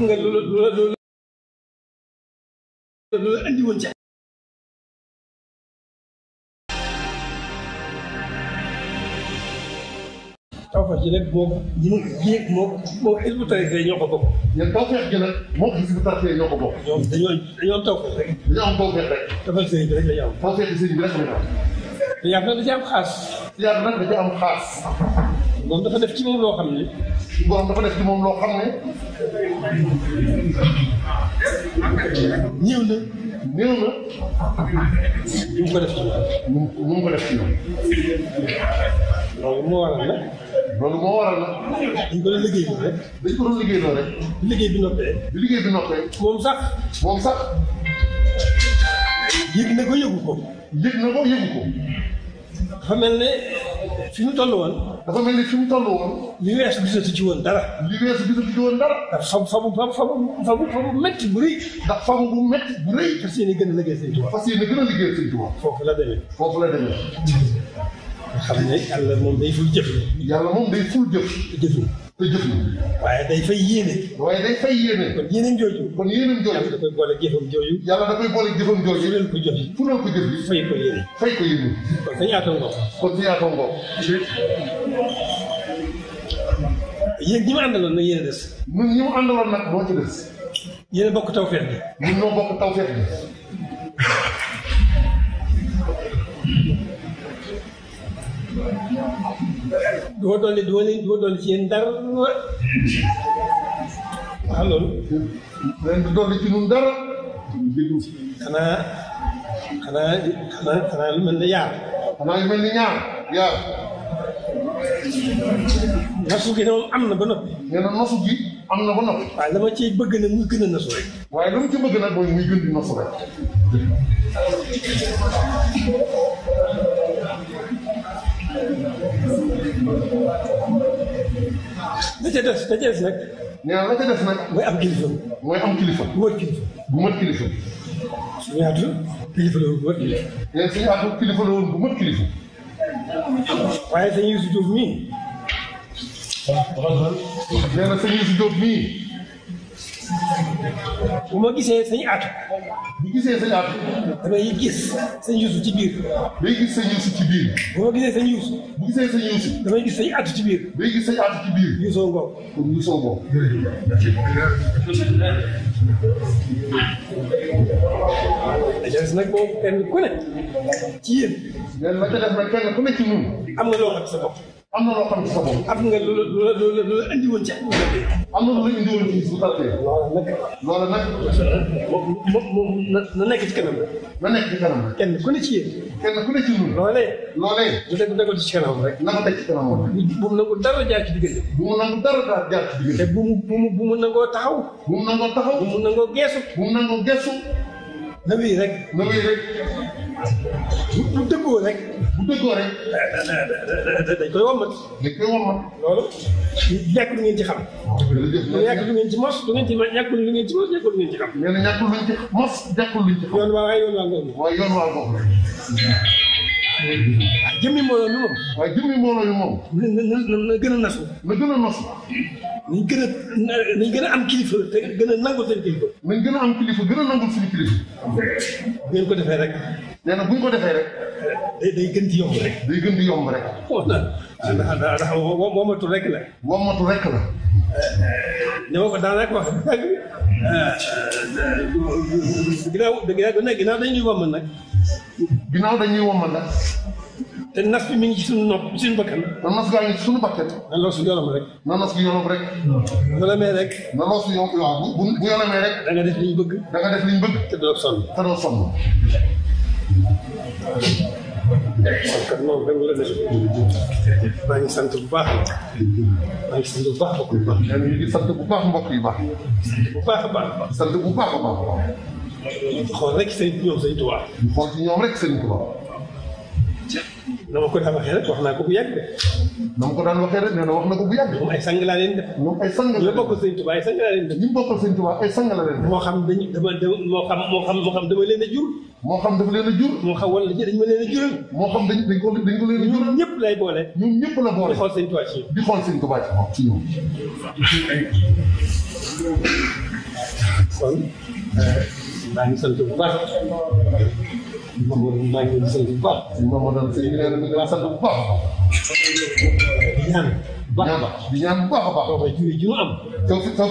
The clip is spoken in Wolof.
xam nga lu lu lu lu andi woon ci tawfeex ji nag moom ñi ñi ñoo ko bokk. yéen tawfeex ji nag moom Hizbut Tarqiyyah ñoo ko bokk. ñoom dañoo dañoo am tawfeex rek. dañoo am tawfeex rek. tawfeex sëriñ bi ñu am. tawfeex sëriñ bi rek la ñu am. te yàlla nag da cee def ci moom loo xam suñu borom dafa def ci moom loo xam ne ñëw na néew na ñu ngi ko def ci moom ñu ngi ko def ci moom. loolu moo waral nag. loolu moo waral nag. dañ ko doon liggéey noonu rek. dañ ko doon liggéey noonu rek. bi liggéey bi noppee. bi liggéey bi noppee. moom sax. moom sax. yëg na ko yëgu ko. yëg na ko yëgu ko. dafa mel ne fi ñu toll woon. dafa mel ne fi ñu toll woon. li weesu gisatu ci woon dara. li weesu gisatu ci woon dara. ndax fabu fabu fabu fabu fabu métti bu rëy. ndax fabu bu métti bu rëy. fas yéene gën a liggéey Sëñ Tuubaa. fas yéene gën a liggéey Sëñ Tuubaa. foofu la demee. foofu la demee. nga xam ne yàlla moom day ful jëf. yàlla moom day ful jëf. jëf te jëf na. waaye day fay yéene. waaye day fay yéene. kon yéeneen jooju. kon yéeneen jooju. yàlla da koy boole jëfam jooju. yàlla da koy boole jëfam jooju. fu leen ko jëf. fu leen ko jëf. fay ko yéene. fay ko yéene. kon sa ñaata ngoog. kon sa ñaata ngoog. yéen ñi ma àndaloon nag yéen a des. ñun ñi mu àndaloon nag moo ci des. yéen a bokk tawfeex bi. ñun ñoo bokk tawfeex bi. du ma dolli du ma leen du ma dolli ci yéen dara waaw loolu. leen du dolli ci ñun dara. xanaa xanaa xanaa xanaa lu mel ni yaar. xanaa lu mel ni ñaar yaar. nasu gi moom am na ba noppi. nee na nasu gi am na ba noppi. waaw dama ci bëgg na muy gën a nasu rek. waaye lu mu ci bëgg nag mooy muy gën di nasu rek. da ca des da ca des nag. nee na la ca des nag. mooy am kilifa. mooy am kilifa. bu mot kilifa. bu mot kilifa. suñu yaatu kilifa la woon bu mot kilifa. nee na suñu yaatu kilifa la woon bu mot kilifa. waaye sëñ Youssou Diop mii. waaw waxal nee na sëñ Youssou Diop mii. bu ma gisee sañu at. bu gisee sañu at. damay gis sañ yuusu ci biir. day gis sañ yuusu ci biir. bu ma gisee sañ yuusu. bu gisee sañ yuusu. damay gis sañu at ci biir. day gis sañu at ci biir. yuusoo ngoog. kon yuusoo ngoog. jërëjëf nag moom kenn ku ne. ci yéen. yéen ma ca def nag kenn ku ne ci ñun. am nga loo xam sa bopp. am na loo xam ci sa bopp. am nga lu la lu la lu la indi woon ci am na lu la indi woon ci su tawee. loola nag. moom na nekk ci kanam. na nekk ci kanam rek. kenn ku ne ci yéen. kenn ku ne ci ñun. loolee. loolee. bu dee bu ci kanam rek. na ko teg ci kanam rek. bu mu nangu dara jaar ci diggante. bu mu nangu dara jaar ci diggante. te bu mu bu mu bu mu nangoo taxaw. bu mu nangoo taxaw. bu mu nangoo geesu. bu mu nangoo geesu. na wéy rek. na wéy rek. bu dëggoo rek. bu dëggoo rek. dañ koy wommat. dañ koy wommat. loolu ñàkkul lu ngeen ci xam. ñàkkul lu ngeen ci mos lu ngeen ci ñàkkul lu ngeen ci mos ñàkkul lu ngeen ci xam. nee na ñàkkul luñ ci mos ñàkkul luñ ci xam. yoon waa waaye yoon waa boobu. waaye yoon waa boobu la. waaw ah, jëmmi mbooloo mi moom. waaye jëmmi mbooloo mi moom. na gën a nasu. na gën a nasu. nañ gën a nañ gën a am kilifa te gën a nangu seen kilifa. nañ gën a am kilifa gën a nangu suñu kilifa. ngeen ko defee rek. nee na bu ñu ko defee rek. day day gën di yomb rek. day gën di yomb rek. waaw ndax womatu rek la. womatu rek la. ne ma ko daanaka wax dëgg. ginnaaw ginnaaw dañuy womal nag. ginnaaw dañuy womal nag. te nas bi mi ngi ci suñu nopp suñu bakkan. na nas gaa ngi ci suñu bakkan. na los yu yolom rek. na los yu yolom rek. bu yolomee rek. na los yu waaw bu bu yolomee rek. da nga def li ñu bëgg. da nga def li ñu bëgg. te doo sonn. te doo sonn. kon kat moom dëgg la dëgg. maa ngi sant bu baax. maa ngi sant bu baax mbokk yu baax. ñu ngi sant bu baax mbokk yu baax. sant bu baax a baax. sant bu baax a baax. xool rek sëñ ñoom sëñ Tuubaa. xool ci ñoom rek sëñ Tuubaa. na ma ko daan waxee rek wax naa ko bu yàgg de. na ma ko daan waxee rek nee na wax na ko bu yàgg. moom ay sang laa leen def. moom ay sang la leen def ñu bokkal sëñ Tuubaa ay sang laa leen def. ñu bokkal sëñ Tuubaa ay sang la leen def. moo xam dañu dama dama moo xam moo xam moo xam dama leen a jur. moo xam dafa leen a jur. moo xam wala dañ ma leen a jural. moo xam dañ dañ ko dañ ko leen a jural. ñun ñëpp lay boole. ñun ñëpp la boole di xool seen tubaab ci. di xool seen tubaab ci moom ci ñoom. kon euh, maa ngi sant bu baax. maa ngi sant bu baax. maa ngi sant bu baax. di ñaan bu baax a baax. di ñaan bu baax a baax. taw bi jiw am.